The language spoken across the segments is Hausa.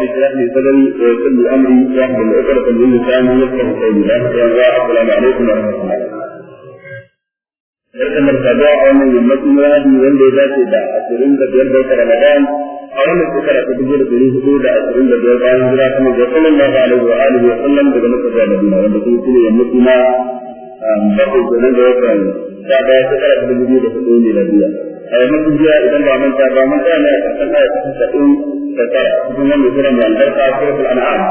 بشرح لي صدري ويسر لي امري واحلل عقدة من لساني يفقهوا قولي لا حول السلام عليكم ورحمة الله barkan da a wannan yammacin rani wanda ya dace da ashirin da biyar da ramadan a wannan shekara ta dubu da dari hudu da ashirin da biyar bayan hijira ta mai sallallahu alaihi wa alihi wa sallam daga makka zuwa madina wanda kuma shine yammacin na bakwai kenan da watan sha daya shekara ta dubu da hudu ne da biya a yammacin jiya idan ba manta ba manta ne a ƙarshen ayatun da tara cikin wannan sura mai albarka suratul an'am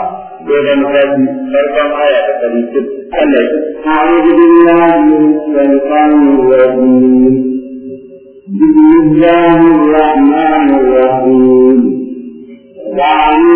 gobe mu farkon aya ta ɗari shida Allah ya أعوذ بالله من الشيطان الرجيم بسم الله الرحمن الرحيم وعلى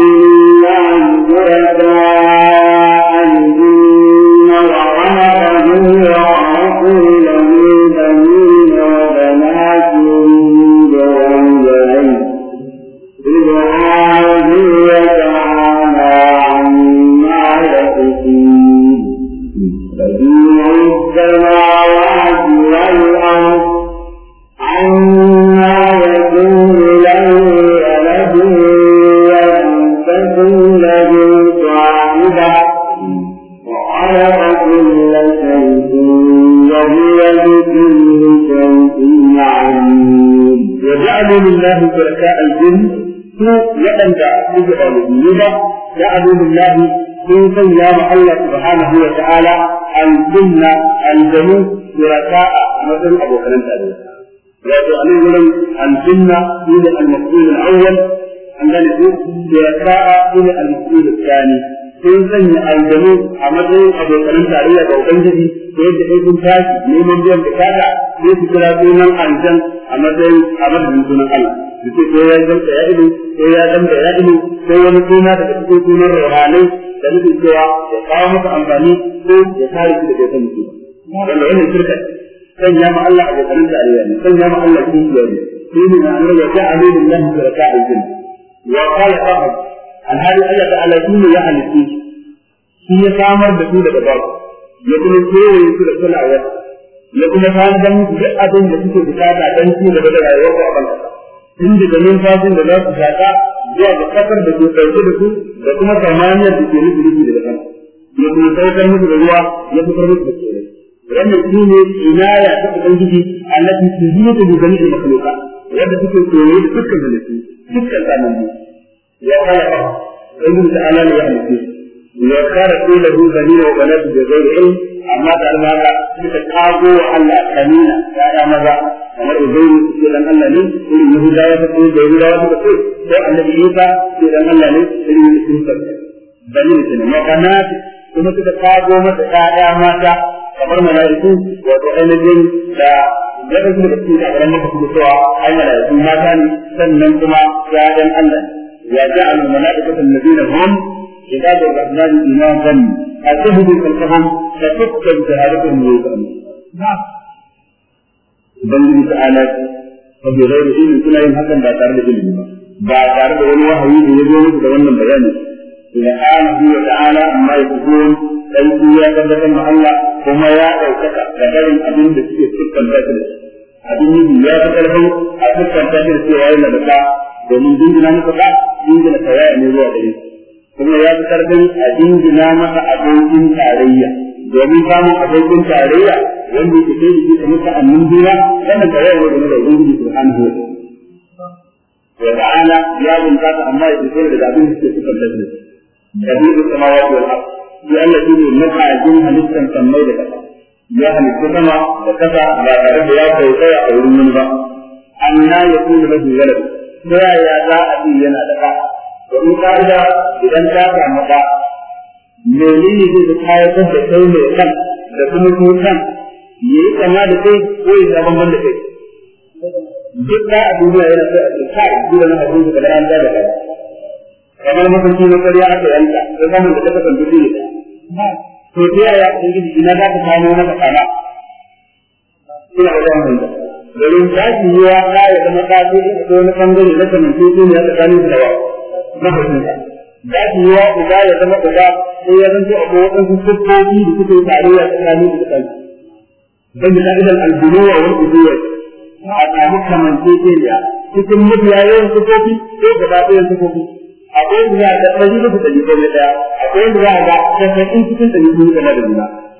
وجعلوا لله شركاء الجن سوء وأن تعبدوا الجنوب جعلوا لله سوء يا محل سبحانه وتعالى الجن الجنوب شركاء مثل أبو كلام عليه وجعلوا لهم الجن دون المقصود الأول عندنا سوء شركاء دون المقصود الثاني in zan yi aljanu a matsayin abokanin tarayya ga ubangiji ko yadda kai kun tashi neman biyan bukata sai su kira sunan aljan a matsayin a matsayin sunan Allah su ko ya danta ya ido ko ya danta ya ido ko wani suna daga cikin sunan rohanai da nufin cewa ya kawo masa amfani ko ya kare shi daga kan mutum wanda wannan shirka sanya ma Allah abokanin tarayya ne sanya ma Allah kiyaye ne shi ne na Allah ya ta'ala lillahi shirka aljin wa qala ta'ala alhali Allah ta'ala shi ne ya halitta su shi ya samar da su daga babu ya kuma kewaye su da kulawa ya kuma samar musu duk abin da suke bukata don su shi da rayuwar su a kan kasa tun daga numfashin da za su shaƙa zuwa ga kasar da ke ɗauke da su da kuma samaniyar da ke nufi nufi daga kan ya kuma saukar musu da ruwa ya fitar musu da kewaye wannan shi ne inaya ta nafi su tuzilu bi bani al-makhluqa wanda suke kewaye da dukkan halittu dukkan zamani وخلقه وإن تعالى ليعمل وكان له بنين وبنات بغير علم أما تعالى هذا تتقاضوا على كمينة يا ماذا kamar ubayi ke dan Allah ne irin yahudawa ta ko da yahudawa ta ko ko annabi Isa ke dan Allah ne irin musulman bani ne ma kana kuma suka kago masa ƴaƴa mata kamar mala'iku wato ainihin da da su da su da ran da su cewa ai mala'iku mata ne sannan kuma ƴaƴan Allah وجعل الملائكة الذين هم عباد الرحمن إناثا أشهد خلقهم فتكتب شهادتهم ويسألون. نعم. بل تعالى فبغير علم كل يوم حسن بعد عرب علم الله. بعد عرب علم الله هو يجوز يجوز يتولى البيان. سبحان الله تعالى ما يقولون فإنه يا قبلك المحلة وما يا أوكك لكن أبين بسيء تلك الباكرة. أبين يا قبلك أبين تلك الباكرة في غير المدفع. ومن دون ذلك dingina tawaya ne zuwa gare shi kuma ya fi karfin a dingina masa abokin tarayya domin samun abokin tarayya wanda ke kai da kuma ta'annin juna wannan tawaya ne game da ubangiji subhanahu wa wa ta'ala ya bunta ta amma ya fito da abin da suke suka lalle kabiru samawati wal ardh ya Allah maka ajin halittan sammai da kasa ya halitta sama da kasa ba tare da ya kai a wurin wani ba anna yakunu lahu walad ta yaya za a yi yana da ɗa domin ka'ida idan ta samu ɗa ne zai ta haifar da kai mai kan da kuma ko kan ya yi kama da kai ko ya zaban wanda kai duk ba a duniya yana sai a ce kai duk wani abu da an da kai kamar mutunci na karya aka yanka ko kuma da kaka kan duniya to ta yaya ubangiji ina za ka samu maka kama ina da wannan domin za su yi wa ya zama ɗa ko in ko wani ɓangare na kamar tutu ne a tsakanin da yawa na hakika za su yi wa uba ya zama uba ko ya zanto a kowa ɗan siffofi da suke tarayya tsakanin da kansu don da ƙa'idan albunuwa wani ubuwa a samu kamar tutu ne cikin mafiya yawan siffofi ko gaba ɗayan siffofi akwai da za a ga ɗari da ɗari ko ɗaya akwai da za a ga ɗari cikin ɗari biyu da na da juna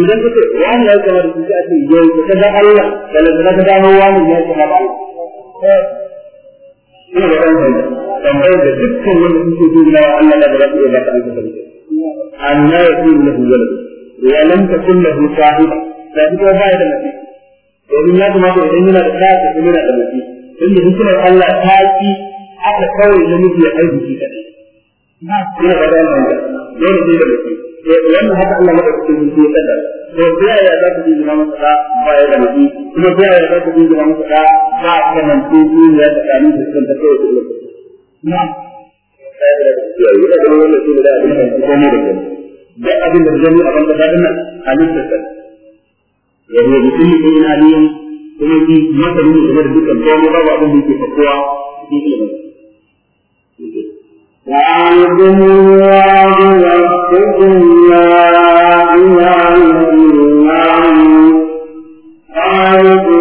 idan ka ce wani ya kama da su ce yau ka ga Allah da lantana ka gano wani ya kama da Allah ina da ɗan fahimta tambayar da dukkan wanda suke jin na Allah da ba za su iya zaka an kasance anna yakun lahu walad wa lam takun lahu sahiba da kuma ba ya da mace domin ya kamata idan yana da ɗaya da yana da mace inda hukumar Allah ta ki aka kawai na namiji ya aiki shi kaɗai ina da ɗan fahimta dole ne da mace Eh, wannan haka Allah ya ɗauki shi ya kada to ta yaya za ku ji jira masa da ba ya da mutum kuma ta yaya za ku ji jira masa da ba ka nan ko ku ya da kan da kan ta kai da na da wannan shi da abin da ko ne da kan da abin da jami a banka da nan halin da kan ya ne mutum ne ina ne kuma shi masanin da dukkan komai babu abin da yake fakuwa shi ne Thank you.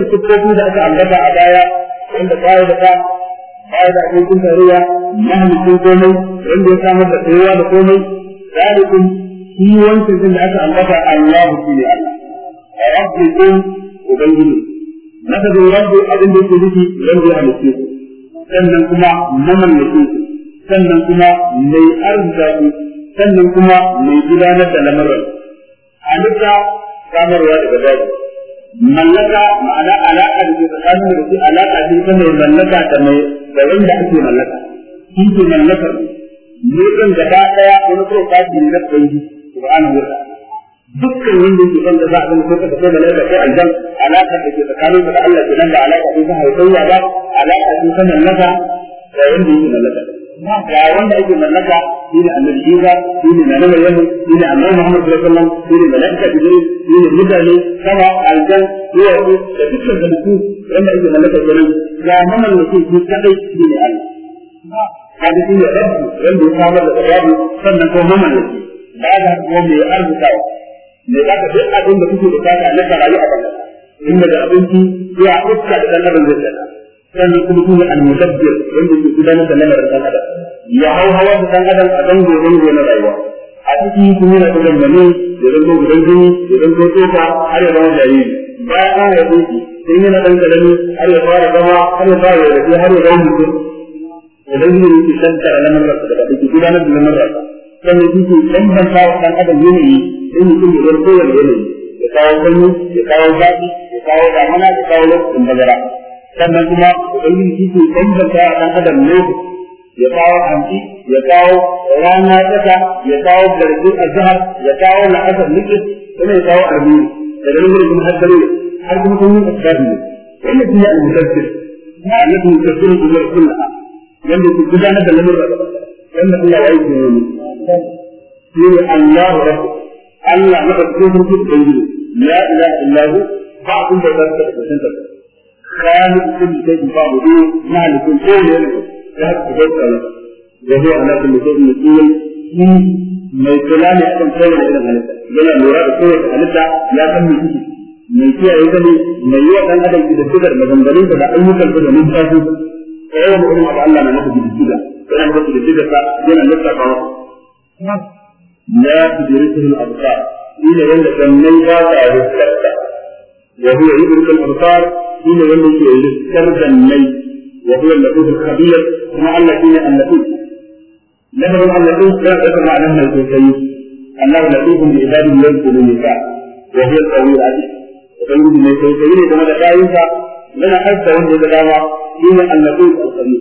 irin siffofi da aka ambata a baya wanda baya da ta baya da abokin tarewa na halittun komai wanda ya samar da tsayuwa da komai zalikun shi wancan sun da aka ambata Allah shi ne Allah a rabbi din ubangiji na da rabbi abin da yake rufi wanda ya halitte sannan kuma mamallake sannan kuma mai arziki sannan kuma mai gudanar da lamarin halitta samarwa daga daji mallaka ma'ana alaƙa da ke tsakanin da su alaƙa ce ta mai mallaka da mai da wanda ake mallaka shi ke mallakar ne kan gaba ɗaya wani kuma kashi ne na ƙwanji subhanahu wa ta'ala dukkan wanda ke son da za a zama ko kaga sai malaka ko aljan alaka da ke tsakanin da Allah nan da alaka ko ta hausayya ba alaka ko ta mallaka da wanda yake mallaka ga wanda ake mallaka shi ne annabi Isa shi ne nana Maryamu shi ne annabi Muhammad sallallahu alaihi wasallam shi ne malaika Jibril shi ne mutane sama aljan zuwa ku da dukkan zaliku wanda ake mallaka kenan ga mamal mutum shi kadai shi ne Allah kaji shi ne rabbu wanda ya samar da bayani sannan ko mamal mutum da kuma mai arzikawa mai zaka duk abin da kuke bukata na a ba inda da abinci ya fuska da dan adam zai kan ku su ne al-mudabbir wanda ke da lamarin dan adam ya hau hawa da dan adam a dango ne na rayuwa a cikin kuma yana da dangane da dango gudan da dango tsoka har ya zama da bayan an ya tsoki sai yana dan kalami har ya fara zama har ya fara yarda har ya zama mutum idan yi yake tantara nan da daga ke gudanar da lamarin sannan shi ke bambanta wa kan adam yanayi da mutum ya zama da yanayi ya kawo sanyi ya kawo zafi ya kawo damana ya kawo lokacin bazara sannan kuma ɗan shi ke bambanta a ɗan adam lokaci ya kawo hanci ya kawo rana ƙasa ya kawo garbi a jihar ya kawo la'asar nufi kuma ya kawo arziki daga nan gudun har dare har kuma sun yi asirafi ne wannan shi ne al-mudassir na annabi mudassir umar kullaha yanda ku gudanar da lamurra yanda Allah ya yi ne shi ne Allah rabbu Allah madaukakin sarki ubangiji la ilaha illahu ba abin da ba ta kasance خالق كل شيء فاعبدوه مالك كل شيء لا تبوك له وهو على كل شيء مسؤول في ما يتلا لي أكم شيء إلى هلتا يلا مراد شيء هلتا لا كم يجي من فيها أيضاً ما يوقع أن أدم إذا كبر مجنبرين فلا أيوك الكبر من كافي فأيه مؤمن أبعى الله ما نفسه بالكبر فأيه نفسه بالكبر فأيه نفسه فأيه لا تدركه الأبصار إلى أن تنمي ذات أو وهو يدرك الأبصار shine wanda yake riskar zannai wa huwa al-latif al-khabir kuma Allah shine al-latif lafazin al-latif ya da ma'anar mai sosai Allah latifun bi ibadihi yanzuru nika wa huwa al-qawi al-aziz ubangiji mai sosai ne game da bayinsa yana haifar wanda ya dama shine al-latif al-khabir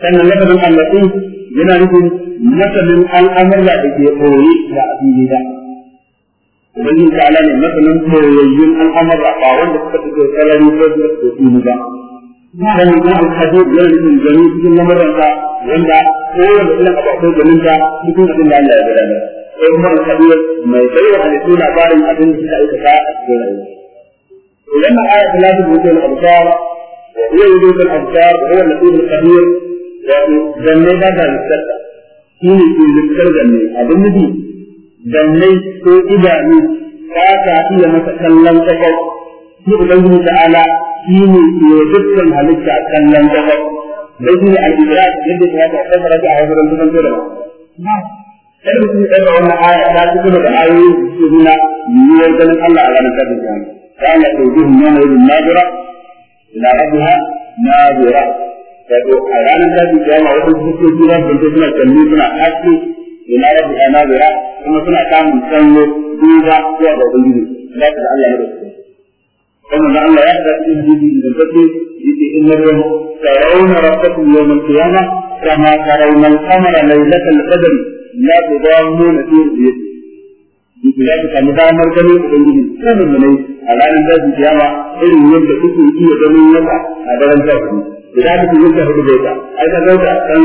sannan lafazin al-latif yana nufin masalin al'amurra da ke koyi da abin gida ubangin ta ala ne masanin koyayyun al'amura ba wanda suka fito sarari ko da su yi ba kan yi al-hadid da yin gani cikin lamarin ka wanda kowane irin abu akwai ganin ta cikin abin da Allah ya gada ne sai kuma al-hadid mai bayar halittu labarin abin da suka aikata a cikin rayuwa idan ayat la tubutu al-absar wa huwa yudiku al-absar wa huwa al-latif al-khabir wa janna da al-satta shi ne ke zikar da ne abin nufi dannai ko idanu ba ta iya masa kallon kasar shi ubangiji ta'ala shi ne ke dukkan halitta kallon kasar dan shi ne al-idrak yadda ya ta kasara da hawo ran tunan da ba kada wannan aya ta da ayoyi su nuna yiwuwar ganin Allah a ranar kafin ta ta Allah ta yi hin nan wurin nazira ila rabbiha nazira wato a ranar kafin ta da suna suna haske ila rabbi anabira kuma suna samun kallo duba zuwa ga ubangiji da ka Allah ya rubuta kuma da Allah ya da cikin da kake yake in na ruwa tarawna rabbakum yawm al-qiyamah kama tarawna al-qamara laylatal qadr la tudamuna fi ru'yati yake da ka samu da ganin ubangiji kuma mu ne a da kiyama irin yadda kuke iya ganin yasa a daren zafi idan kuke yin ta hudu bai ta ai ka zauka kan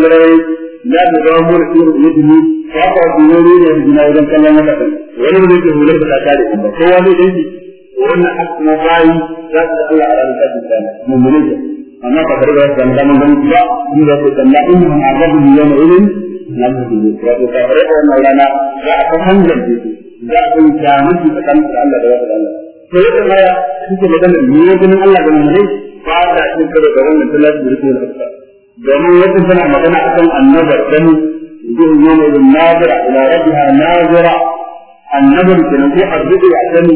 la da ba mu da yadini ta ba ku yore da jina wajen kallon wani ne ke hular da ta da kuma kowa ne da yake wannan asma bayi za su Allah a ranar kafin sana mun mun amma ba tare da zaman gani ba in za su kalla in mun azabu ne yana irin na da ne ba ko ka bare wannan rana za a kan hanjan ne za a yi ta kan Allah da wata Allah to yadda ma ya magana ne ganin Allah da mun ne ba ta cin karo da wannan talabi da rikon Allah domin yadda tana magana akan annabar gani zuwa yana yin nazira ila rabbiha nazira annabar kenan sai arzuya gani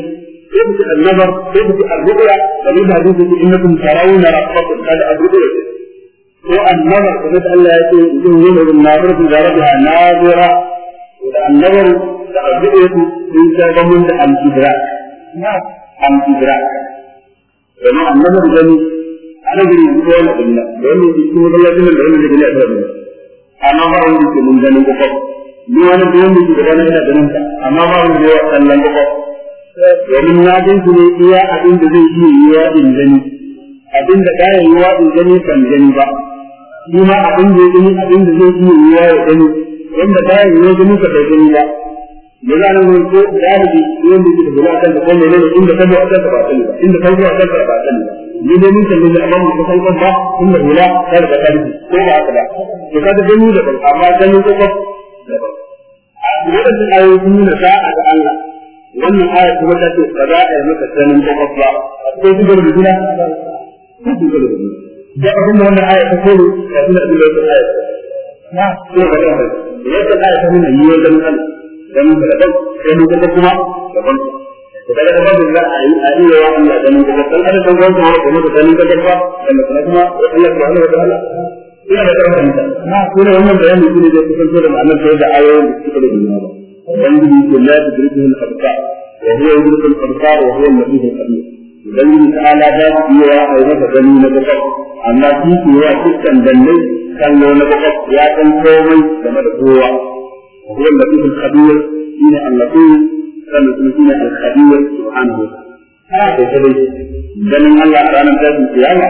يبدأ النظر يبدأ الرؤيا فمنها يوجد انكم ترون ربكم هذا الرؤيا النظر فقد أن يكون يوم الناظرة جارتها ناظرة والنظر الرؤية من سبب الامتدراك الامتدراك نعم. ومع النظر جميل anan gari ko yana kulla don ne shi kuma Allah din da wannan gari a tare da amma ba wani ke mun ganin ko ni wani da wani ke da da ganin ka amma ba wani da sallan ko domin na din su ne iya abin da zai yi iya yiwa in gani abin da yi yiwa in gani kan gani ba Ni ma abin da zai yi abin da zai iya yiwa ya gani wanda yi yiwa gani ka bai gani ba da za a nan wani ko galibi yin da ke gula kan ko ne ne inda kan zuwa kan ba kan ba inda kan zuwa kan ba kan ba ni ne mun kalli amma mun ko kan ba inda gula kan ba kan ko ba haka ba to ka da gani da ban amma gani ko ba da ba wannan ayoyi sun nuna sa'a ga Allah wannan aya kuma ta ce kaza a yi maka sanin ko ba ko su da gula ko su da gula da abin da wannan aya ta koro ka tuna abin da wannan aya na ko ba da wannan aya ta nuna yiwuwar ganin Allah ganin ka daban ganin ka kuma daban da kada ka da da a yi a yi wa Allah ganin ka daban kada ka kuma da ganin ka ganin ka kuma Allah subhanahu wa ta'ala ina da karfin ta na kuma wannan bayani shine da kusanto da ma'anar sai da ayoyin da suka da duniya ba ubangiji ke la tudrikuhu al-absar wa huwa yudriku absar wa huwa al-latif al-khabir ubangiji ta'ala da shi ya ayyuka gani na daban amma shi ke ya dukkan dannai kallo na daban ya san komai game da kowa وهو اللطيف الخبير شيني اللطيف كان يكون شيني الخبير سبحانه وتعالى haka kadai ganin Allah a ranar tashin kiyama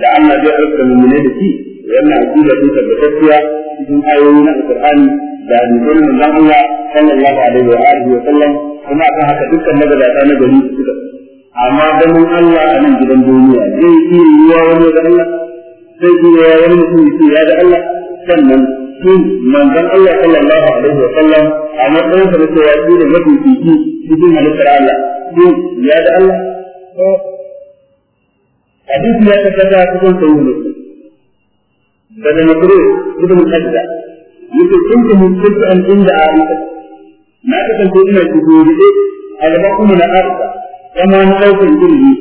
da Allah zai rasa mummune da shi wannan aqida ce tabbatacciya cikin ayoyi na Al-Qur'ani da hadisan manzon Allah sallallahu alaihi wa alihi wa sallam kuma akan haka dukkan magabata na gari suka amma ganin Allah a nan gidan duniya zai iya yiwa wani da Allah zai iya wani mutum ya da Allah sannan shin manzon Allah sallallahu alaihi wa sallam a matsayin sa ne ya ji da mafi fiki cikin halittar Allah shin ya da Allah ko hadisi ya tabbata cikin sahih muslim daga na nabure ibn kadda yake kuntu mutuntu an inda aisha na kasance ina cikin albakum na arka. kama na daukan jirgi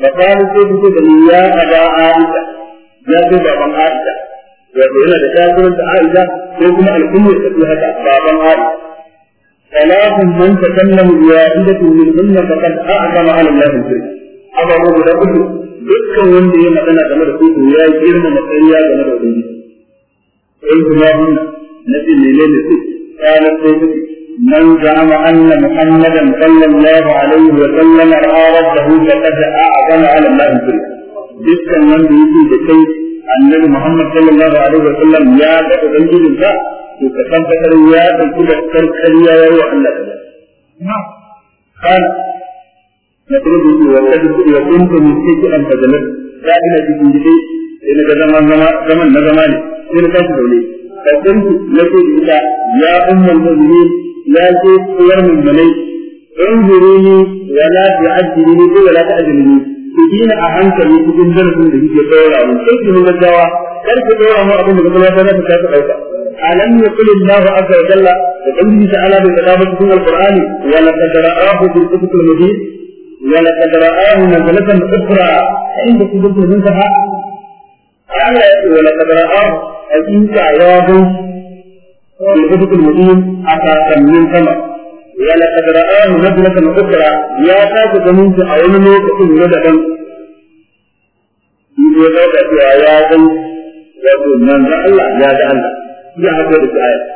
da kawo sai fito da a da a aisha ya ce baban arka. wato yana da kafirin da Aisha sai kuma al'ummar ta haka baban Aisha ثلاث من تكلم بواحدة منهن فقد أعظم على الله الشرك أبا أبو بكر dukkan wanda ya magana game da su ya girma matsayya game da ubangiji sai kuma hunna na ce menene su kana sai su man za'ama anna muhammadan sallallahu alaihi wa sallam ra'a rabbahu faqad a'zama ala allahi dukkan wanda yake da kai annabi Muhammad sallallahu alaihi wa sallam ya ga ubangijin sa to ka tabbatar ya dauki da karkar ya yi wa Allah ta'ala kan na kuma dubi wa kadu wa ta min shay'in an tazalat da ina cikin gidi sai na ga zaman zama zaman na zama ne sai na tashi daune da kuntu na ce ita ya ummul mu'minin ya ce uwar mu'minai انظروني ولا تعجلوني ولا تعجلوني ku dina a hankali cikin zarafin da kuke tsora mu sai ku nuna dawa kar ku tsora mu abin da kuma ta zaka ta dauka alam yaqul Allahu azza wa jalla da ubangiji ta ala da kadaba cikin alqur'ani wa laqad ra'ahu bil kutub al mubin wa laqad ra'ahu nazalatan ukhra inda kutub min kafa Allah ya ce wa laqad ra'ahu ajin ka ya gun bil kutub al mubin aka kan min sama ولقد رآه نجلة أخرى يا فاس جنينك أولي موتكم مددا يقول لك في آيات يقول من ذا الله يا ذا الله يا هكذا في آيات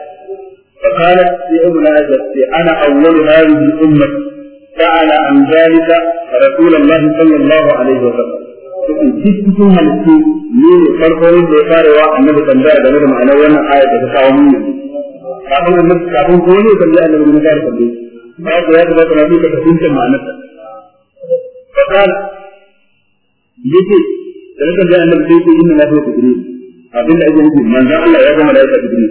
في أبن أجل أنا أول هذه الأمة فعل عن ذلك رسول الله صلى الله عليه وسلم لكن في كتب الحديث من فرقه بفارقه عن النبي صلى الله عليه وسلم على وين الحياة تتكاوم kafin annabi kafin ko ne kalli annabi mun ga kalli ba ko ya da kana duka da hukuncin ma'anar ta fadal yace da kan da annabi sai ko inna lahu qudri abinda ake nufi manzon Allah ya ga malaika qudri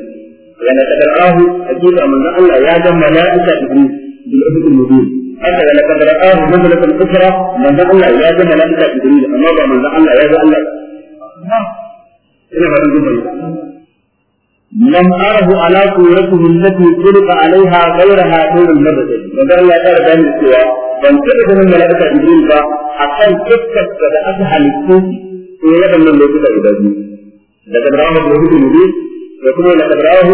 yana kadarahu hakika manzon Allah ya ga malaika qudri bil ubudul mubin haka yana kadarahu manzalatul ukhra manzon Allah ya ga malaika qudri amma ba manzon Allah ya ga Allah ina fadin gumbayi لم أره على صورته التي خلق عليها غيرها نور النبت وقال يا ترى بان السوى بان كتب من ملائكة جبريل با حتى تكتب بدأتها للسوس سورة من لوكتا عبادي لقد رآه الوجود المبين وكما لقد رآه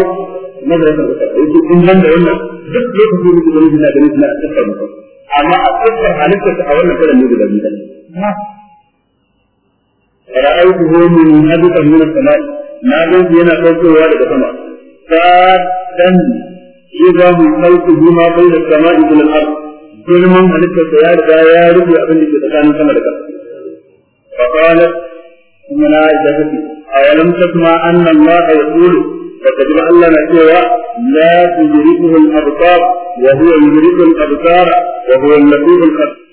نظرة الأخرى إن لم يعلم duk lokacin da kuma yana ganin suna tsakar mutum amma a tsakar halittarsa a wannan kalan ne da biyu da ra'aytu hu min hadithan min as-sama'i na gansu yana saukowa daga sama sadan idza hum khalquhu ma bayna as-sama'i wal ard girman halittar da ya riga ya rufe abin da ke tsakanin sama da ƙasa fa qalat a awalam tasma anna allaha yaqulu فقد الله نسوى لا تدركه الأبصار وهو يدرك الأبصار وهو اللطيف الخبير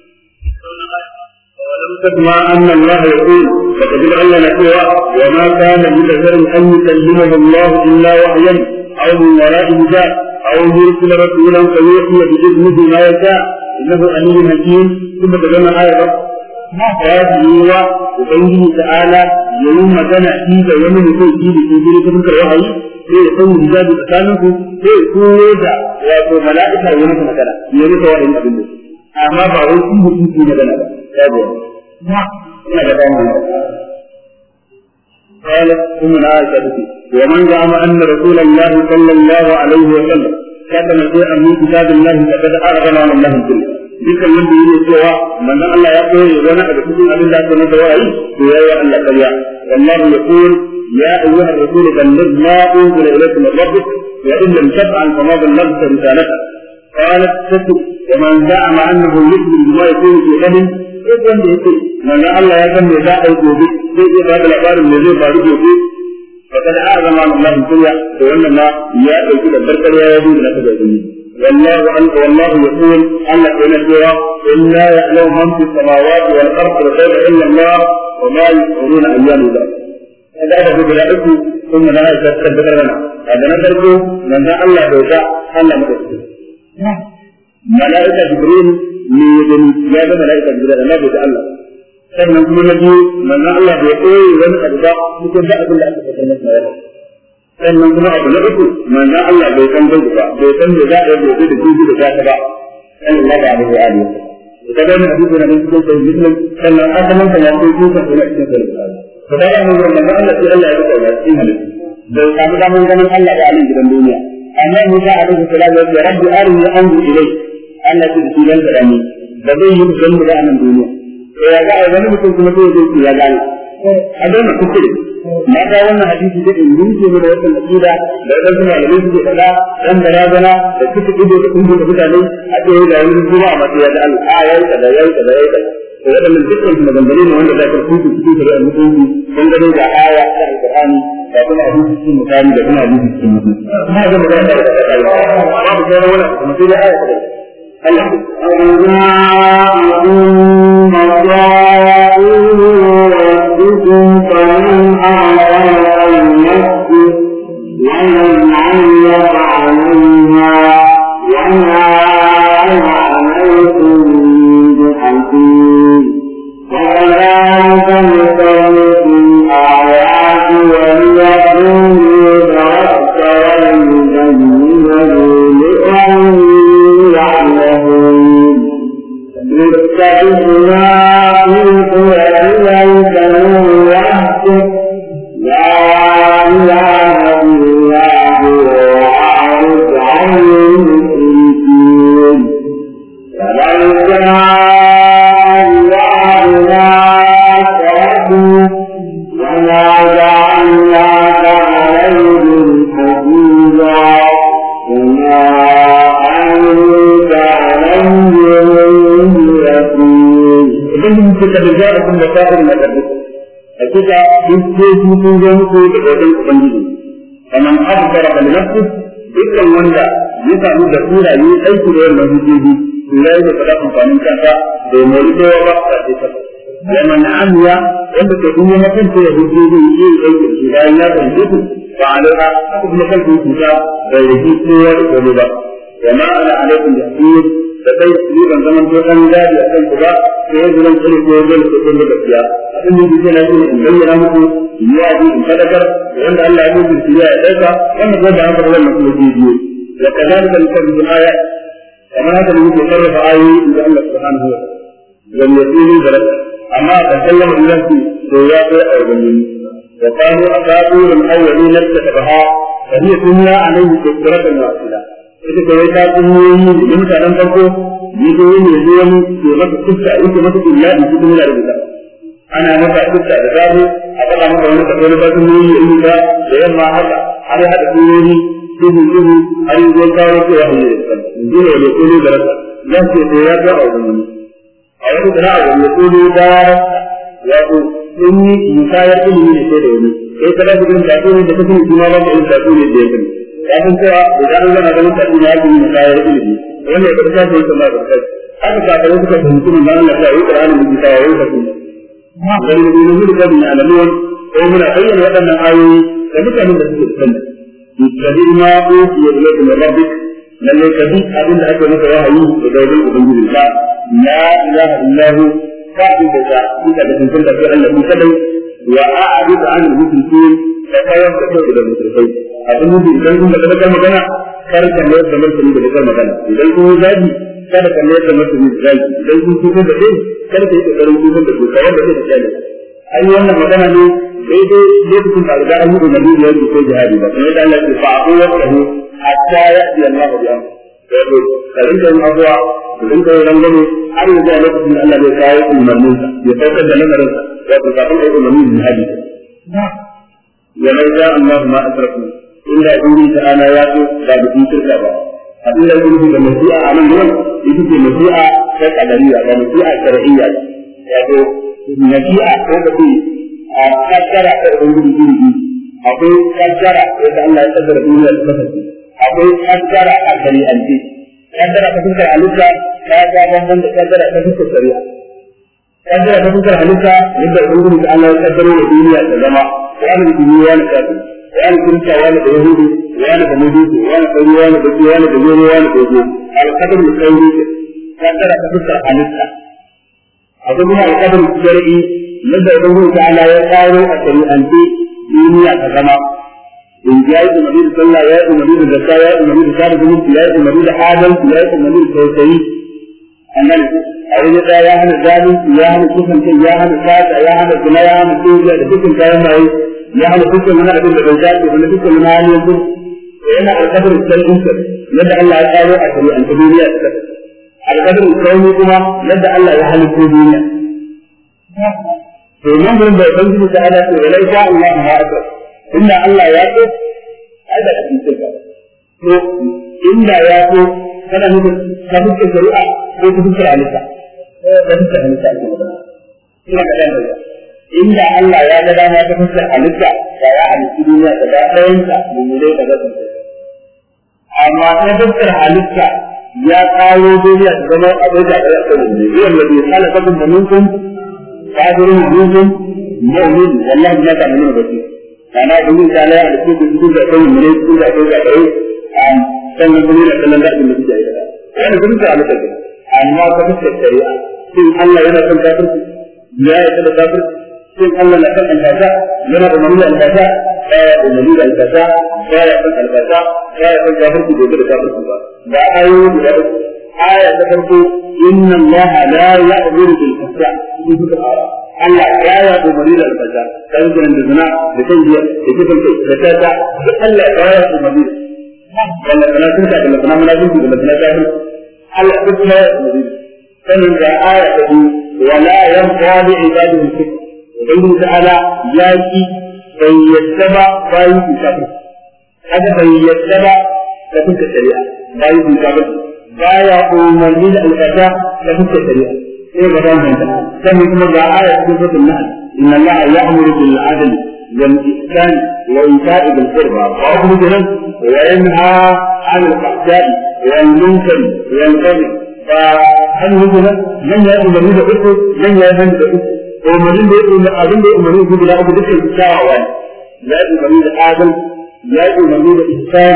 ما أن الله يقول فقد جعلنا نكرة وما كان لبشر أن يكلمه الله إلا وحيا أو من وراء النساء أو يرسل رسولا فيوحي بإذنه ما يشاء إنه أمير حكيم ثم تجمع آية ما فاته هو وقوله تعالى يوم ما كان حكيم يوم يكون حكيم في سورة تلك الوحي sai ya sanya hijabi tsakaninku sai ya koyo da wato mala'ika ya yi masa magana ya rika waɗanda abin قال ثم عائشة ومن زعم أن رسول الله صلى الله عليه وسلم كتب مجيئا من كتاب الله لقد أعظم عن الله كله ذكر من دين السواء من دعا الله يقول يغنى أبتكم أبي الله كما دوائي سواء الله قليا والله يقول يا أيها الرسول بلغ ما أنزل إليك من ربك وإن لم تفعل فما بلغت رسالتك قالت تكتب ومن زعم أنه يكذب بما يقول في غد إذن يكذب. manzo Allah ya san me za a yi gobe zai iya ba da labarin me zai faru gobe فقد أعظم عن الله الدنيا وإنما يأتي إلى البركة لا يدين لك والله عنك والله يقول أن إلى الدعاء إلا يعلم من في السماوات والأرض والغيب إلا الله وما يشعرون أيام ذلك هذا هذا في بلادكم ثم لا يتكبر لنا هذا نزل من الله بوجاء ألا مدرسين نعم. ملائكة جبريل من يدن يا ملائكة جبريل ما بوجاء الله sannan kuma na biyu manzo Allah bai koyi wani abu ba cikin da abin da aka faɗa masa yawa sannan kuma abu na uku manzo Allah bai san gaibu ba bai san da za a yi gobe da gobe da zaka ba sallallahu alaihi wa alihi to kaga ne abin da ne cikin sai muslim sannan asalin ka ya koyi ka da cikin sai to da yana ne manzo Allah sai Allah ya rubuta ya cikin halittu bai samu damar ganin Allah da alin gidan duniya amma Musa alaihi salam ya ce rabbi arini anzur ilayk Allah ya ce shi dan da ne ba zai yi ganin da anan duniya Eh, ya ga wani mutum kuma zai zo ya gane a ga na kuskure na ga wannan hadisi da in yi ke mana wannan akida da wannan kuma da yake fada dan barazana da kuka ido da kungu da mutane a ce ya yi kuma a matsayin da Allah a ah, yayi kaza yayi kaza yayi kaza to wadannan dukkan su maganganu ne wanda za ka kuku da mutunci dan gano da aya ta alqur'ani da kuma hadisi cikin mutane da kuma hadisi cikin mutunci ga magana da ta kai ba da mu ga wani mutum da aya ta Allah. Allah. Allah. basira yi aiki da wannan hujjoji to ya yi da amfanin kanka da ya mori da yawa ba ta ce ya mana amiya wanda ke duniya na kanta ya ya yi aiki da su bayan ya ba a lura kuma kan su da ya ji kowa da ba wa ma ana alaikum da asir da kai ni ban zaman to gadi a kan ku ba ko yanzu zan kare ko dole ku kun da gaskiya abin da yake na yi in bayyana muku ya ji in sadakar wanda Allah ya yi shi ya dauka wanda ko da haka zan da bidiyo وكذلك الكتاب الجماعي كما هذا الذي يصرف آيه عند الله سبحانه وتعالى لم يكونوا بلد أما تكلم الناس بسيئات أو بنين وقالوا أتاكوا من أولين اكتسبها فهي كنا عليه كثرة واحدة إذا كويتا كنوا من كان فوقه يجوين يجوين في مكة كتا أيك مكة إلا أنا مكة كتا أتاكوا أتاكوا من كتا كنوا من كتا كنوا من كتا كنوا من كتا كنوا ihu ihu ai ruwan kawo ko ya hanyar yanzu ne mai da rasa ya ce ko ya ga a wani a wani da na abu ne kolo da ya ko in yi musayar ilimi ne ko da wani sai kada su gani tafi ne da kafin kuma ba ka yi tafi ne da ya da ya san cewa da zaran zana ganin tafi ne ya gani musayar ilimi wanda ya karka ta yi sama da kai haka ka ta wasu ka fahimci mun ba Allah ya yi Qur'ani mun ta yi ka kuma ma da ne ne ne da alamun ko muna bayyana waɗannan ayoyi da mutanen da suke tsanda kadir ma uku ya zai kuma rabbik lalle kadir abin da aka maka wahayi da daidai ubangiji ka la ilaha illahu ka bi da ka duka da kun da Allah ku kadai wa a'ridu an al-muslimin da kayan da kai da musulmai abin da idan kun da kai magana kar ka mayar da mutum da kai magana idan kun zabi kada ka mayar da mutum da zaki idan kun kun da kai kada ka yi kokarin kun da kai da kai an yi wannan magana ne sai dai lokacin da a an yi umarni da yadda sai jihadi ba kuma da Allah ke fa ko ya tafi hatta ya yi Allah bi amr sai ko karin da abuwa karin da rangane har ya ga lokacin Allah zai kawo umarnin sa ya saukar da lamarin ya ko kafin da umarnin jihadi ya mai da Allah ma asrafu illa inni ta'ala ya ko da bi shirka ba abin da yake da masi'a a nan gurin ita ce masi'a ta kadariya ba masi'a shar'iyya ya ko nasi'a ko kace a kaddara ta ubangiji biyu biyu akwai kaddara wanda Allah ya kaddara duniya ta kasance akwai kaddara a shari'ance kaddara ta fuskar halitta ta ga bambam da kaddara ta fuskar shari'a kaddara ta fuskar halitta yadda ubangiji ta Allah ya kaddara da duniya ta zama ya ne duniya ya ne kafin ya ne kirista ya ne da yahudu ya ne da mududu ya ne kauri ya ne da ya ne da gero ya ne da gero alƙadar da kauri kaddara ta fuskar halitta akwai kuma alƙadar da shari'i yadda ubangiji ta ala ya tsaro a shari'ance duniya ta zama in ji yayi umarni da sallah yayi umarni da zakka yayi umarni da sada zumunci yayi umarni da adalci yayi umarni da tausayi annan a wani da ya hana zalunci ya hana kusan kai ya hana sata ya hana kuma ya hana soja da dukkan kayan maye ya hana dukkan wani abin da bai dace ba dukkan wani hali yanzu yana alƙadar sarkin sa yadda Allah ya tsaro a shari'ance duniya ta alƙadar sarki kuma yadda Allah ya halitta duniya to nan gurin da ubangiji ta ala ce walai sha Allah ma aka inda Allah ya so ai da kafin ka to inda ya so kana nufin ka fuskar shari'a ko ka fuskar halitta ka eh, fuskar halitta ina ga dan inda Allah ya ga dama ta fuskar halitta da ya halitta duniya da ɗayan ta mummune da ga kanta amma ta fuskar halitta ya kawo duniya ta zama abin da ya kawo ne zai yi halaka da minkum kafirin mu'min mu'min wallahi na ta nuna ba kana ubin ta la da cikin cikin da kai mun cikin da kai da kai an san mun da kallon da da kuke yi da wani gurin da amma ka fice shari'a Allah yana ya yi da kafirci sun Allah na son alkaza yana da mun da alkaza ya ya da mun da ya da ya ya da da da ba da ayoyi da da su suka fara Allah ya ya umarni da albasa kan gurin da zina da kan jiya da kifin kai da tata duk Allah ya ya umarni da lakana sun ta da lakana munafunci da lakana kafin Allah duk ya ya umarni sanin da aya ta biyu wala yanfa li ibadihi shirk ubangiji ta'ala ya ki bai ba bayan su kafin haka bai ba da kuka shari'a bayan su kafin baya umarni da alƙada da kuka shari'a sai ga dan nan sai kuma ga aya cikin suratul nahl inna allaha ya'muru bil adli wal ihsan wa ita'i bil qurba wa ya'muru bil wa yanha 'anil fahsha'i wal munkari wal baghi fa an yi gina nan ya umarni da uku nan ya yi da uku umarnin da ya umarni abin da ya umarni da guda uku dukkan kyawawa ne ya umarni da adal ya umarni da ihsan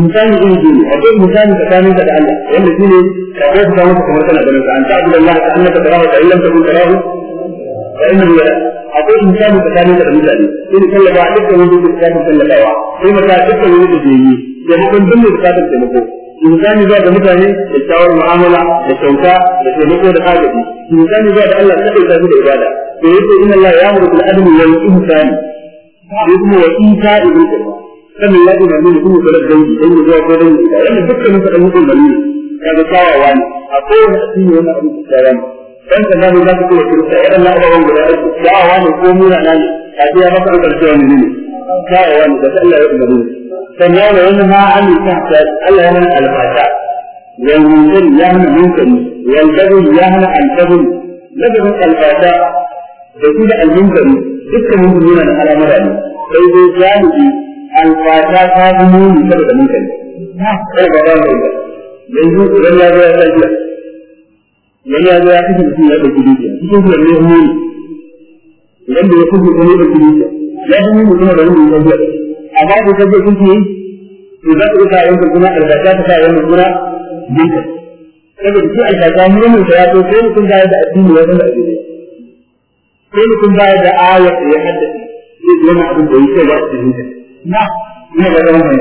إنسان يقول جيني أقول إنسان كان يقول أن يقول جيني أقول كما تكمل سنة بنيسة أن تعبد الله كأنك تراه فإن لم تكن تراه فإنه يرى أقول إنسان كان يقول أن يقول إن كل ما عدت وجود الكتاب كل دعوة ثم تعبد وجود جيني يمكن جميع الكتاب تمكو إنسان يجاء بمثلة يتعور معاملة يتعوكا يتعوكا لحاجة إنسان يجاء بألا سأل تابد إبادة فيقول إن الله يأمر بالأدم والإنسان يقول وإنسان يقول sannan ya ina nuna kuma kula da dangi dangi zuwa ko dangi da yana dukkanin sa an yi umarni kaga kyawawa ne a kowane asiri wannan abin kyawawa ne dan da namu za ku kula da sai Allah ya rawan guda aiki kyawawa ne ko mura na ne a biya maka an karshe wani ne kyawawa ne da Allah ya umarni sannan da wani ma an yi ta Allah ya nan alfata yanzun ya hana munkari yanzun ya hana antabun lafazin alfata da shi da almunkari dukkanin su yana da alamara ne sai dai jami'i alfata ta fi muni kada da munkari kada ba ba yanzu idan ya zo ya sa jiya. idan ya zo ya kashe mutum ya ɗauki dukiya cikin su ya muni idan da ya kashe mutum ya ɗauki dukiya ya fi muni kuma da muni ya giya amma ko kaje kun ce to za ku ga yanzu kuma alfata ta sa yanzu kuma duka kada ku alfata muni da ya to sai mutum da ya da addini ya zama addini sai mutum da ya da ayat ya haddace zai zama abin da yake ba su fahimta na ne ga ran mai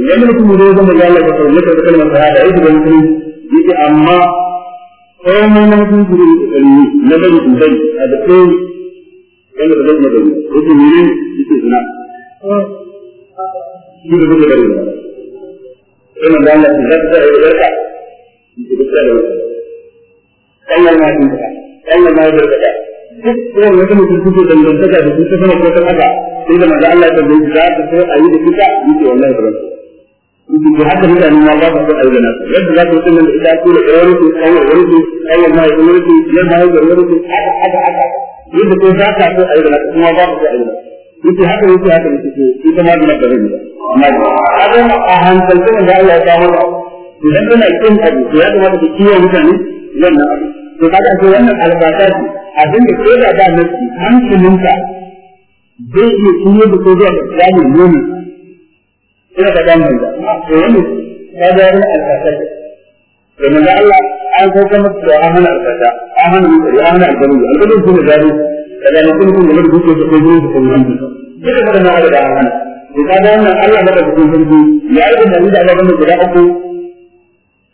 idan mutum da zama ya Allah ka tsaye ka kalmar shahada ai da mutum yake amma komai na mutum da yake kalmi na bari in bari a da kai yana da zama da yake ne yake zina shi da zama da bari yana da Allah ya na ya yarda yake da tsaya Allah na yi Allah na yi da duk wani mutum da yake dangantaka da su ta sama ko ta haka sai da Allah ya tambaye za ka so a yi da kita yake wallahi ba yake da haka mutane ma ba su aure na yadda za su yi tunan ita ko da aure su kai aure su kai ma ya aure su ya ma ya aure su haka haka haka yadda ko za ka so aure na kuma ba su aure yake haka yake haka yake so ita ma da gare ni amma haka a hankalin da Allah ya kawo idan kana kin abu to ya kamata ki kiyaye mutane wannan abu to kaga sai wannan albasa ce abin da ko da ba nasi hankalinka zai iya turo da ko zuwa ga ne nuni ina da dan manzo to yanzu ka ga ran alkasar to manzo Allah an ko kuma to an hana alkasa an hana mutum an hana alkasa alkasa ko da gari da dan kun kun da duk ko ko ko ko nan duka kada na da an hana to ka ga Allah da kun kun ya yi da ni da Allah da guda uku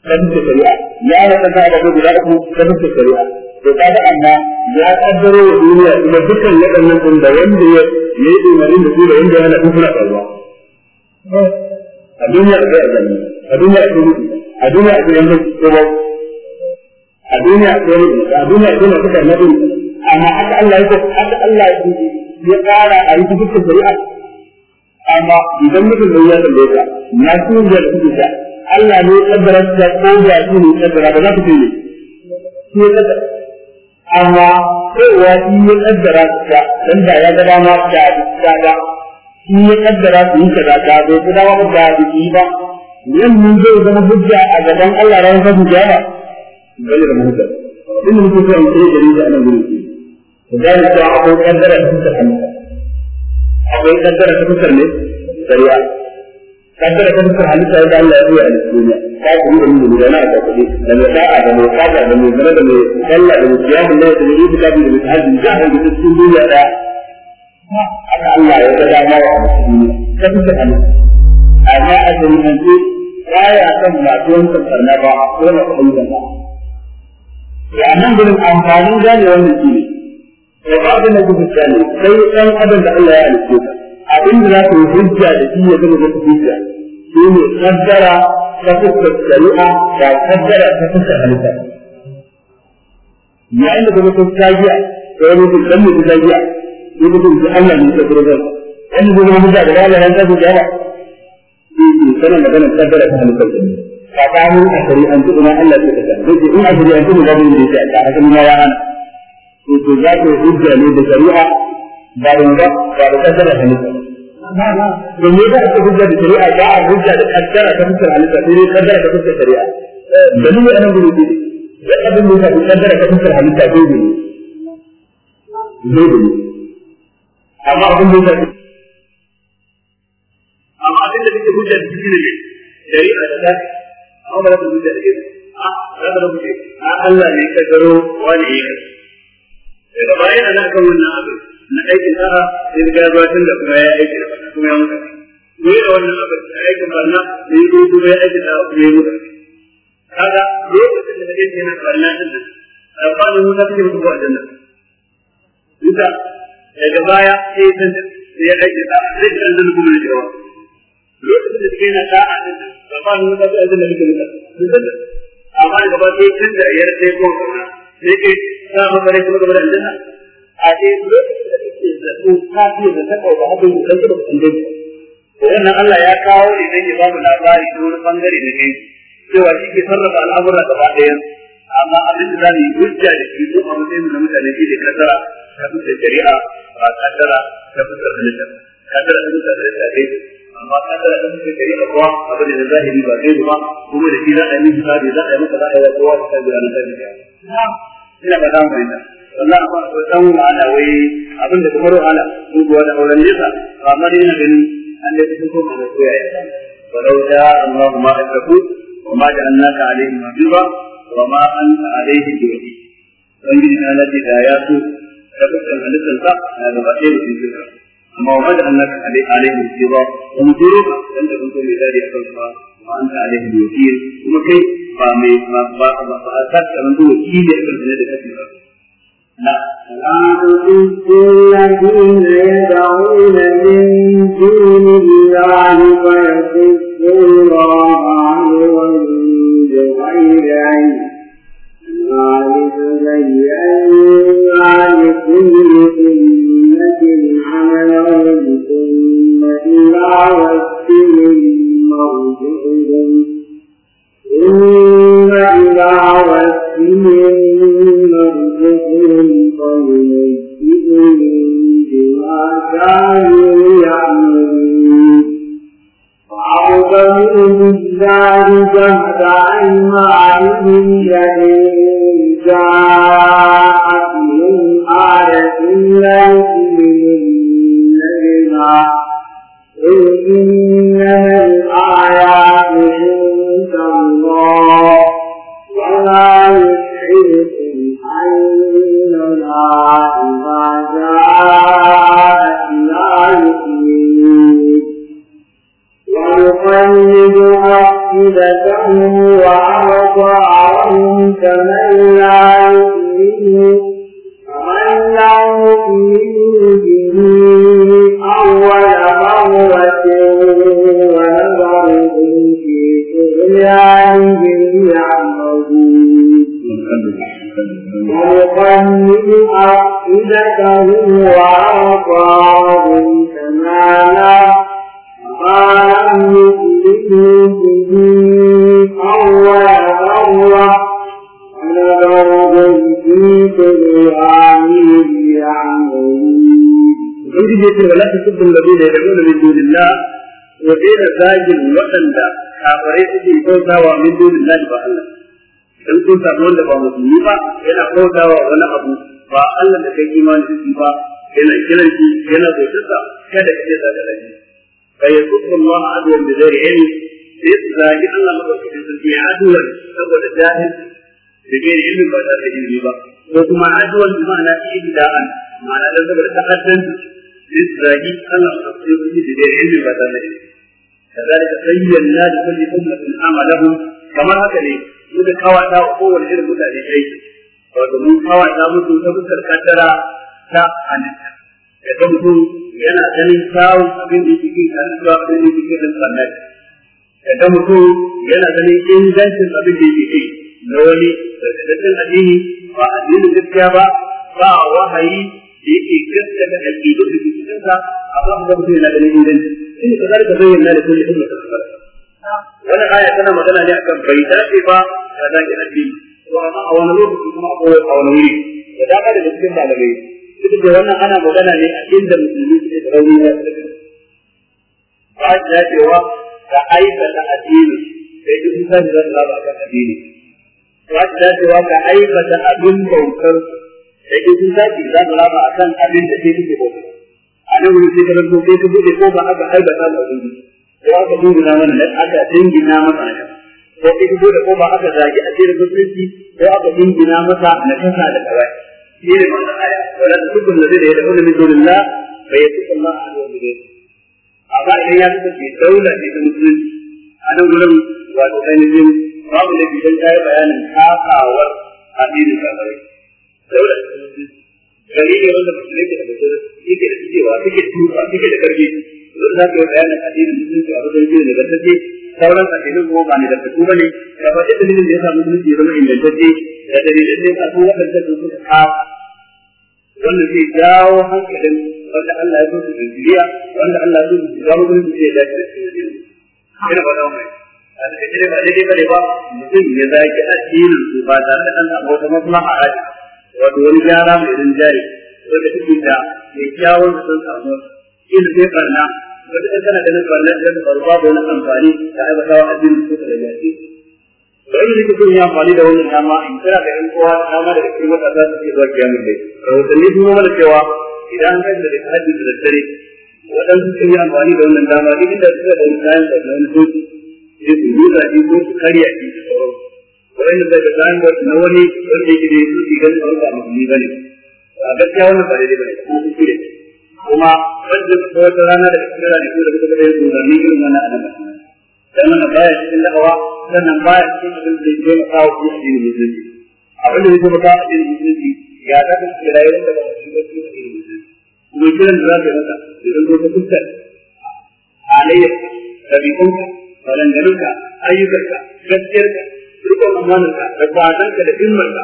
da duk shari'a ya yi da da guda uku da duk shari'a to kaga amma ya kaddaro wa duniya kuma dukkan waɗannan ɗin da wanda ya yi umarni da su da wanda yana kufura ɗaruwa a duniya akwai azami a duniya akwai mutu a duniya akwai yanzu kowa a duniya akwai mutu a duniya akwai masu karnadin amma haka Allah ya haka Allah ya ya ƙara a yi dukkan shari'a amma idan mutum da ya tambaye ka na su da su Allah ne ya kaddara ta ko da su ne kaddara ba za ku ce ne amma kowa shi ya kaddara su ta dan da ya ga dama da ta da shi ya kaddara su yi kaza ta bai ku ku da su yi ba nan mun zai zama hujja a gaban Allah ran sa hujja ba bal da hujja din mun so an ce gari da nan gurin ki to da ya ta kaddara su ta hannu akwai kaddara su ta ne shari'a kaddara ta fuskar halitta yadda Allah ya yi a duniya ta kuma da mu da na ta kudi da mai da'a da mai kaza da mai zama da mai sallah da mai kiyamun da da mai kabi da mai hajji da hajji da cikin duniya da haka Allah ya ga dama wa duniya ta fuskar halitta amma a duniyan ce ba ya san masu wancan karna ba a kowane kudin da ba ya nan gurin amfanin gane wannan shi ne da ba da na gudu sai ɗan adam da Allah ya halitta abin da za ku hujja da shi ya zama da hujja shi ne kaddara ta fuskar shari'a ba kaddara ta fuskar halitta yayin da kuma ta tagiya ta wani mutum dan mutum tagiya shi mutum da Allah ne ta gurbin wani mutum mutum da Allah ne ta gurbin shi ne sanin maganar kaddara ta halitta ba ta mu a shari'an ta kuma Allah ta kasa duk in a shari'an ta da mun da ta haka mun ya ana to za ta hujja ne da shari'a ba da ba da kaddara halitta da ne da ake hujja da shari'a ba a hujja da kaddara ta fuskar halitta sai dai kaddara ta fuskar shari'a dalili anan gudu ne da abin da ya kaddara ta fuskar halitta zai ne zai ne amma abin da ya amma abin da kake hujja da shi ne shari'a da ta amma da hujja da shi a da rubuce a Allah ne kaddaro wani ne daga bayan ana kan wannan abin aikin sa'a sai ga ruwa tun da kuma ya aiki da fata kuma ya mutu ko yana wannan abin da aikin barna da ya kuma ya aiki da kuma ya mutu kaga lokacin da kake yana barna din nan alfanu mun da kake mutuwa aljanna duka daga baya sai san ya aiki da sai da aljanna kuma ya jawa lokacin da kake yana da'a din nan alfanu mun da kake aljanna kake mutu amma gaba sai tun da yar sai ko barna sai ke sa maka ne kuma gaba da aljanna a ce lokacin da kake zato ka fiye da ta kawo abin da kake da kan dai to wannan Allah ya kawo ne dan ya ba mu labari ta wani bangare na kai cewa shi ke sarrafa al'amura gaba ɗaya amma abin da za mu yi hujja da shi ko a matsayin da mutane ke da kasara ta fuskar shari'a ba kasara ta fuskar halitta kasara ta da halitta kai amma kasara ta fuskar shari'a kuwa abin da zahiri ba kai ba kuma da shi za a yi hisabi za a yi masa za a yi kowa ta kan gudanar da ina ba za mu fahimta sannan a fara dan wahala wai abin da kamar wahala duguwa da auren nesa ba ma dai na gani an da cikin kuma da koya ya walau da Allahu ma asrafu wa ma ja'alnaka alaihim hafiza wa ma anta alaihim biwaki ubangiji na lati da ya so da dukkan halittar sa na gaba ɗaya da cikin sa amma wa ma ja'alnaka alaihim hafiza wa mu turo ka dan da kun so mai dadi a kan sa wa anta alaihim biwaki kuma kai ba mai ba ba ba ba ta kan duwa kidi a kan da kake لا الذين يدعون من دون الله فيصدون عن ويقلب أفئدتهم وأعطاهم كما لا قال يؤمنوا به أول مرة فنذرهم في طغيانهم يعملون. ولا تسبوا الذين يدعون من دون الله وغير ذلك وأن كافرين يكون سوى من دون الله فأهلك. in sun samu wanda ba musulmi ba yana kautawa wani abu ba Allah da kai imani da shi ba yana kiran shi yana bautarsa kada ka ce zaka rabi fa yaqulu Allah adwan bi ghairi ilmi sai su zagi Allah madaukakin sarki ya adwan saboda jahil da ghairi ilmi ba ta da ilmi ba ko kuma adwan bi ma'ana ibda'an ma'ana da saboda ta'addanci sai su zagi Allah madaukakin sarki da ghairi ilmi ba tare da ilmi كذلك زينا لكل أمة عملهم كما هكذا suka kawata wa kowane irin mutane aiki wato mun kawata musu ta fuskar kaddara ta halitta ya ta mutum yana ganin kyawun abin da yake kin kan zuwa abin da yake kin sannan ya ta mutum yana ganin ingancin abin da yake kin na wani daga addini ba addinin gaskiya ba ba wahayi da yake gaskiya da addinin da yake cikin sa amma kuma mutum yana ganin inganci in ka zarka bayyana da kullu ilmin da ka wannan aya tana magana ne akan bai dace ba ya dage addini to amma a wani lokaci kuma a koyar a wani wuri da dama daga cikin malamai duk da wannan ana magana ne a inda musulmi suke da rauni na suka ba ya cewa da aikata addini sai duk mutane za su raba kan addini ba ya cewa ka aikata abin bautar sai duk mutane za su raba akan abin da ke kike bautar a nan wuri sai ka zanto sai ka buɗe ko ba aka aikata da ubangiji sai aka dingina mana aka dingina masa na ko ka shigo da koma aka zagi a cikin musulunci ko aka dingina masa na kasa da kawai shi ne aya wala tukun da da ulama min dunillah fa yatuqa Allah an wa bihi amma idan ya kasance daula ne ta musulunci a nan gurin wato ainihin babu da bidan ta yi bayanin kasawar addinin kafare daula ta musulunci gari wanda musulmai ke da musulunci suke da cewa suke suke da karfi don za ka yi bayanin addinin musulunci a wajen jini da gaske sauran addinin kuma ba ne da kasu bane da ba da dalilin da yasa musulunci ya zama ingantacce da dalilin da yasa su waɗanda su suka kafa Wanda zai jawo hankalin wanda Allah ya so su jiya wanda Allah ya so su jawo gurin da ya dace da su ina ba da mai a cikin jire ba daidai bane ba mutum ya zaki addinin su ba tare da an samu wata maslaha a aji wato wani gyara mai rinjaye wanda take da mai kyawun da sun samu ilimi wata kan kana ganin barnar da faru babu wani amfani da aibata wa addini ko da lafiya da wani nake son yi amfani da wannan dama in kana da yan kowa da dama daga cikin matasa su ke zuwa kiyamun dai rahotanni sun mana cewa idan an kai da hajji da daddare waɗansu sun yi amfani da wannan dama duk inda suka da wani kayan da wani doki sai su yi zaɓi ko su karya shi da sauransu wanda daga kayan wata na wani wanda yake da su ke ganin a wata musulmi ba ne a gaskiya wannan ba daidai ba ne kuma su ne kuma wanda suka wata rana daga cikin ranaku da kuka da yanzu da ni irin wannan annabi dan nan baya cikin da'awa sannan baya cikin abin da yake na kawo ku cikin musulunci abin da yake maka a cikin musulunci ya ta da cikin rayuwar da ba su da cikin musulunci kuma kiran da za ka yi maka idan ko ka fuska halayya dabi'unka walangarinka ayyukanka gaskiyarka rikon amanarka da kwatanka da himmarka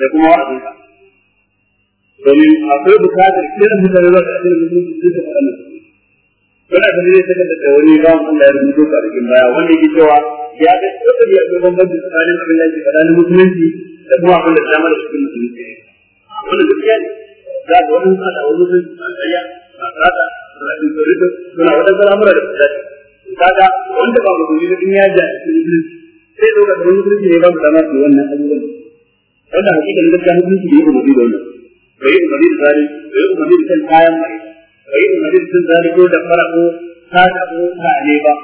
da kuma wa'azinka domin akwai bukatar kiran mutane za su a cikin mutum su ta faɗa musu kana da ne take da wani bawan Allah ya rubuto ka da baya wanda yake cewa ya ga wata ne akwai bambanci tsakanin abin da yake faɗa na musulunci da kuma abin da ta mara cikin musulunci wanda gaskiya ne za ga wani tsada wani musulunci a tsaya a tsada suna cin tsorito suna waɗansu al'amura da kusa ce kaga wanda ba musulunci da a cikin musulunci sai ɗauka da musulunci ne ba mu dama da wannan abubuwan wannan hakikalin gaskiya musulunci ne ya rubuto da wannan ka yi umarni da zari ka yi umarni da kan kayan mai yi umarni da kan zari ko da fara ko ta da ko ta ne ba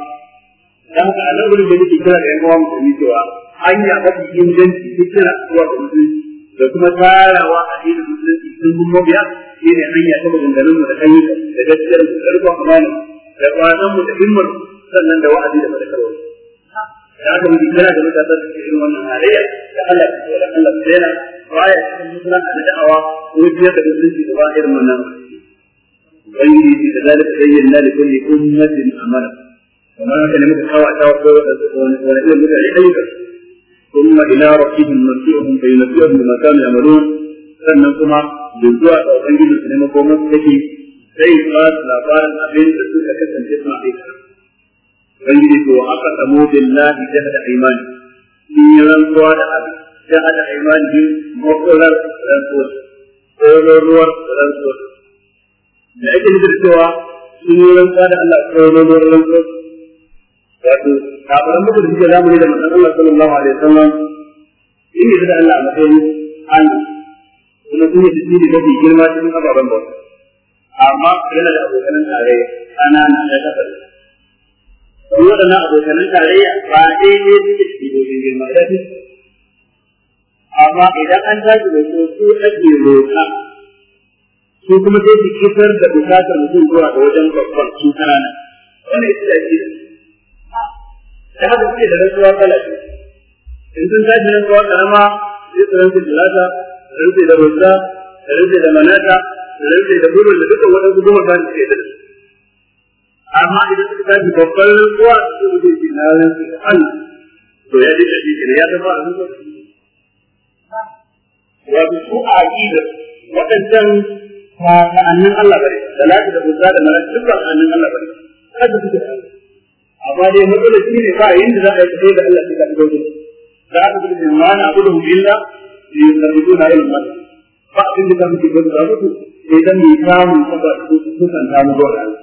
dan haka a nan wurin da nake kira da yan uwa musulmi cewa hanya mafi inganci ta kira zuwa ga musulunci da kuma tsarawa a cikin musulunci sun bin mabiya shi ne hanya ta maganganun mu da kan yi da gaskiyar mu da rikon amana da kwanan mu da himmar sannan da wa'azi da fadakarwa da haka mutum kira da mutane da irin wannan halayya da Allah ya da Allah ya baya cikin musulunci da da'awa ko biya da musulunci da irin wannan ubangiji da zalika bayyana da kulli ummatin amara kamar haka ne muka kawo ta wato wani irin mutane ayyukan ثم إلى ربهم مرجعهم فينبئهم بما كانوا يعملون sannan kuma da zuwa ga ubangiji su nema komai take sai ba su labarin abin da suka kasance suna aikata ubangiji ko aka samu billahi jahda imani in yi rantsuwa da abin sai hada imani makonar rantsuwar tsoron ran rantsuwar da ake nufin cewa sun yi rantsuwa da Allah tsoron ruwar rantsuwar wato kafaran mutum suke zamani da manzon Allah sallallahu alaihi wasallam in yi da Allah a matsayin Allah kuma sun yi tafiye da mafi girma cikin ababen bauta amma yana da abokanan tarayya ƙanana na kafar waɗannan abokanan tarayya ba daidai suke cikin girma da amma idan an tashi da su ake roƙa su kuma sai su kifar da bukatar mutum zuwa da wajen babban su kanana Wani ya da shi da haka suke da rasuwa kala in sun tashi rantsuwa karama sai su rantsu da lata rantsu da roƙa da manata rufe da burin da dukkan waɗansu goma kan ke da su amma idan suka tashi babban rasuwa su zai ke na rantsu da Allah to ya dinga shi ya zama a rantsuwa wato su a aqida waɗannan sa'annin Allah bane da lati da buzza da malaka duk sa'annin Allah bane kada su da amma dai matsala shi ne ba yin da za a yi da Allah shi ka dauke da aka gudu da mana abudu illa na ila mal ba abin da kake gudu da su idan mai samu saba su kusan kan samu zuwa Allah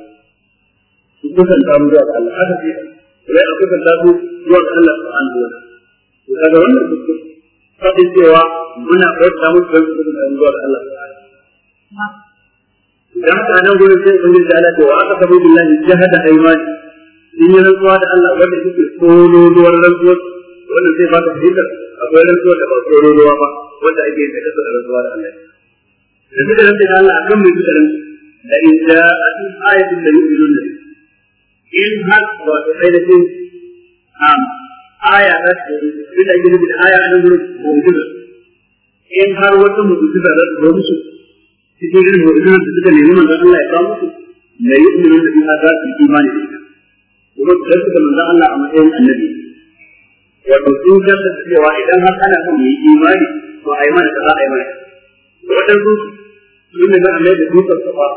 su kan samu zuwa Allah haka sai rai a kusan tasu zuwa Allah ta'ala to kaga wannan faɗin cewa muna bauta musu don su da zuwa da Allah ta'ala idan haka nan gurin sai ubangiji da Allah cewa aka sabu billahi jahada aymani in yi rantsuwa da Allah wanda yake tsoro ruwan rantsuwa wanda zai ta fahimtar akwai rantsuwa da ba tsoro ruwa ba wanda ake yin da kasa da rantsuwa da Allah da da rantsa da Allah kan mai suka rantsa da in ja'atu ayatun da yu'minun in har wato ainihin amma aya na su duk da ake nufin aya na gurin mu'jiza in har wata mu'jiza za ta zo musu cikin irin mu'jiza da suka nemi manzon Allah ya kawo musu la yu'minu da biha za su imani da ita kuma su zarta da manzon Allah a matsayin annabi wato sun zarta cewa idan har ana son mu yi imani to a yi mana za a yi mana waɗansu sun da a mai da dutsen safa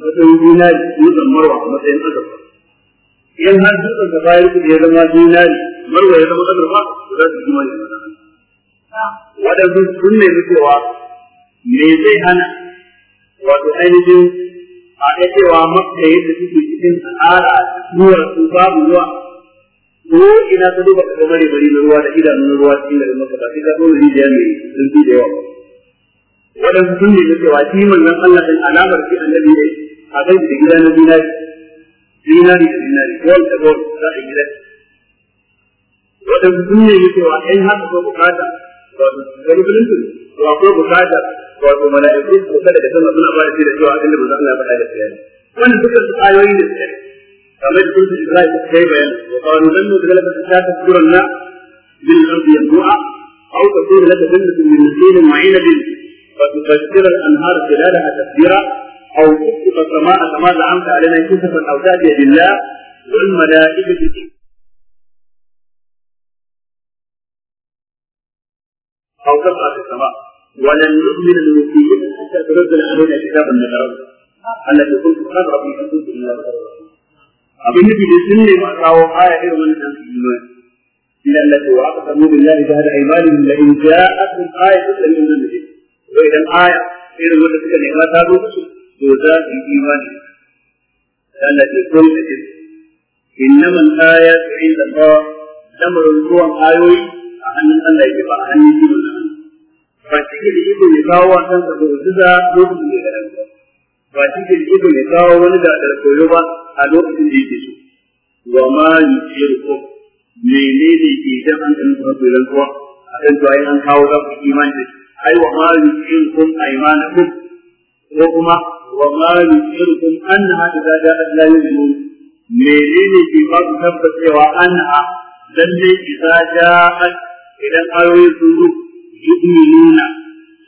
matsayin dinari dutsen marwa matsayin azaba in har dutsen safa ya zama zinari. marwa ya zama kadar ma za su ji mani waɗansu sun nemi cewa me zai hana wato ainihin a ga cewa makka yadda suke cikin sahara ruwar su babu ruwa ko ina ta duba ka bari bari na ruwa da idanun ruwa cikin garin maka ba sai ka zo rijiya mai zurfi da yawa waɗansu sun nemi cewa shi manzon Allah ɗin alamar shi annabi ne a kan gida na zinari zinari da zinari gol da gol za a yi gidan. waɗansu sun nemi cewa in haka ko bukata wato gari bilintin to akwai bukata wato mala'iku su kada da sama suna ba da cewa abin da ba za Allah faɗa da tsayani wannan dukkan su ayoyi ne tsayani kamar da sunan Ibrahim ta kai bayani wa qalu lan nudrika fa tata turanna bil ardi yad'a aw takuna laka jannatun min nakhilin wa 'inabin fa tufajjira al anhar khilalaha tafjira أو تسقط السماء كما زعمت علينا كسفا أو تأتي بالله والملائكة أو تبقى في السماء ولن نؤمن المسيحين حتى تنزل علينا كتابا من الأرض الذي قلت كان ربي أن تنزل إلى الأرض أبي نبي لسنة ما أتاو آية غير من الناس في الجنوان إلا التي وعقت أمور الله بهذا أيمانهم لإن جاءتهم آية كل من به وإذا الآية غير من الناس كان إغلاثا بوسط جوزان إيمانهم التي قلت إنما الآية عند الله تمر الروح آيوي أن الله يبقى أن يجيبنا ba shi ke da iko mai kawo wa kansa da lokacin da ya ga ba shi ke da iko mai kawo wani da da koyo ba a lokacin da yake so wa ma yusirukum menene ke da an kan ku da rantsuwa a kan to ai an kawo za ku imani da ai wa ma yusirukum aymanakum ko kuma wa ma yusirukum annaha idza ja'at la yu'minun menene ke ba ku tabbacewa annaha lalle idza ja'at idan ayoyi sun zo يؤمنون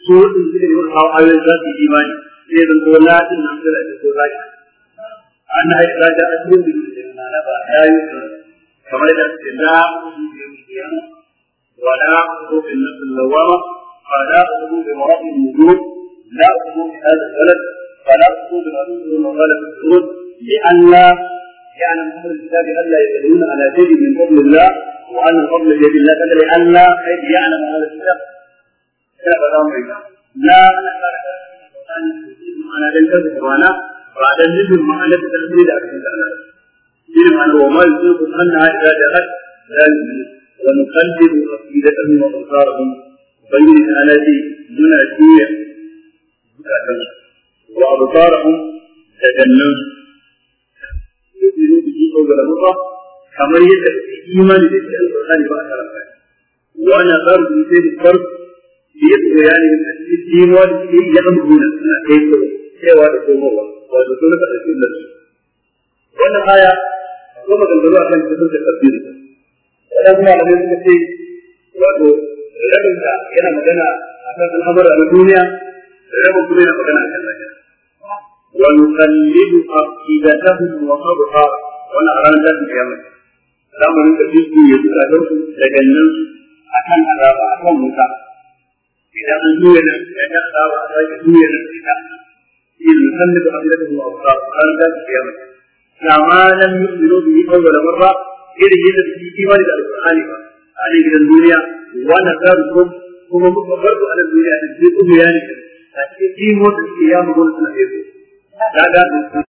سورة wadanda suka أو kawo ayoyin za su yi imani sai zan zo latin nan sai da لا يؤمن an إذا haɗa لا asirin da yake na na ba ya yi kamar da suke la ولا أخذ بالنفس اللوامة ولا أخذ بمرض الوجود لا أخذ بهذا الولد ولا أخذ بالعدود والمغالب الحدود لئلا يعلم أهل الكتاب ألا يدلون على شيء من فضل الله وأن الفضل بيد الله فلئلا أي يعلم أهل الكتاب da ba za mu yi ba la ana fara da Qur'ani da ma'ana dan da Qur'ana ba dan nufin ma'ana da tafsiri da akan kana shi ma'ana wa ma yusufu anna idza ja'at la yusufu wa nuqallibu afidatahum wa absarahum bayyana ta'ala fi muna juya zukatan wa absarahum da gannan yake ne biji ko ga rabuwa kamar yadda imani da shi alƙur'ani ba a karanta wa na zarbi sai da farko biyar koyanin a cikin jimuwa da suke ya amuruna suna kai kuma cewa da komowa wato sun rika ɗauki da su wannan aya ko maganganu a kan cikin da tafsiri wadan kuma da suka ce wato rabin da yana magana a kan al'amura na duniya rabin kuma yana magana a kan lafiya ونقلب أفئدتهم وأبصارهم وأنا أرى ذلك القيامة لما نكتب يدك a kan أكن a kan متعب idan an juya nan ya dafa wa sai juya nan ita in sanne da abin da Allah ta ran da ya yi kama nan yu'minu bi awwal marra idan yadda shi imani da alqur'ani ba ali gidan duniya wa nadarukum kuma mu kabbaru ala duniya da shi ku bayani da shi mu da shi ya mu gona sana'a da da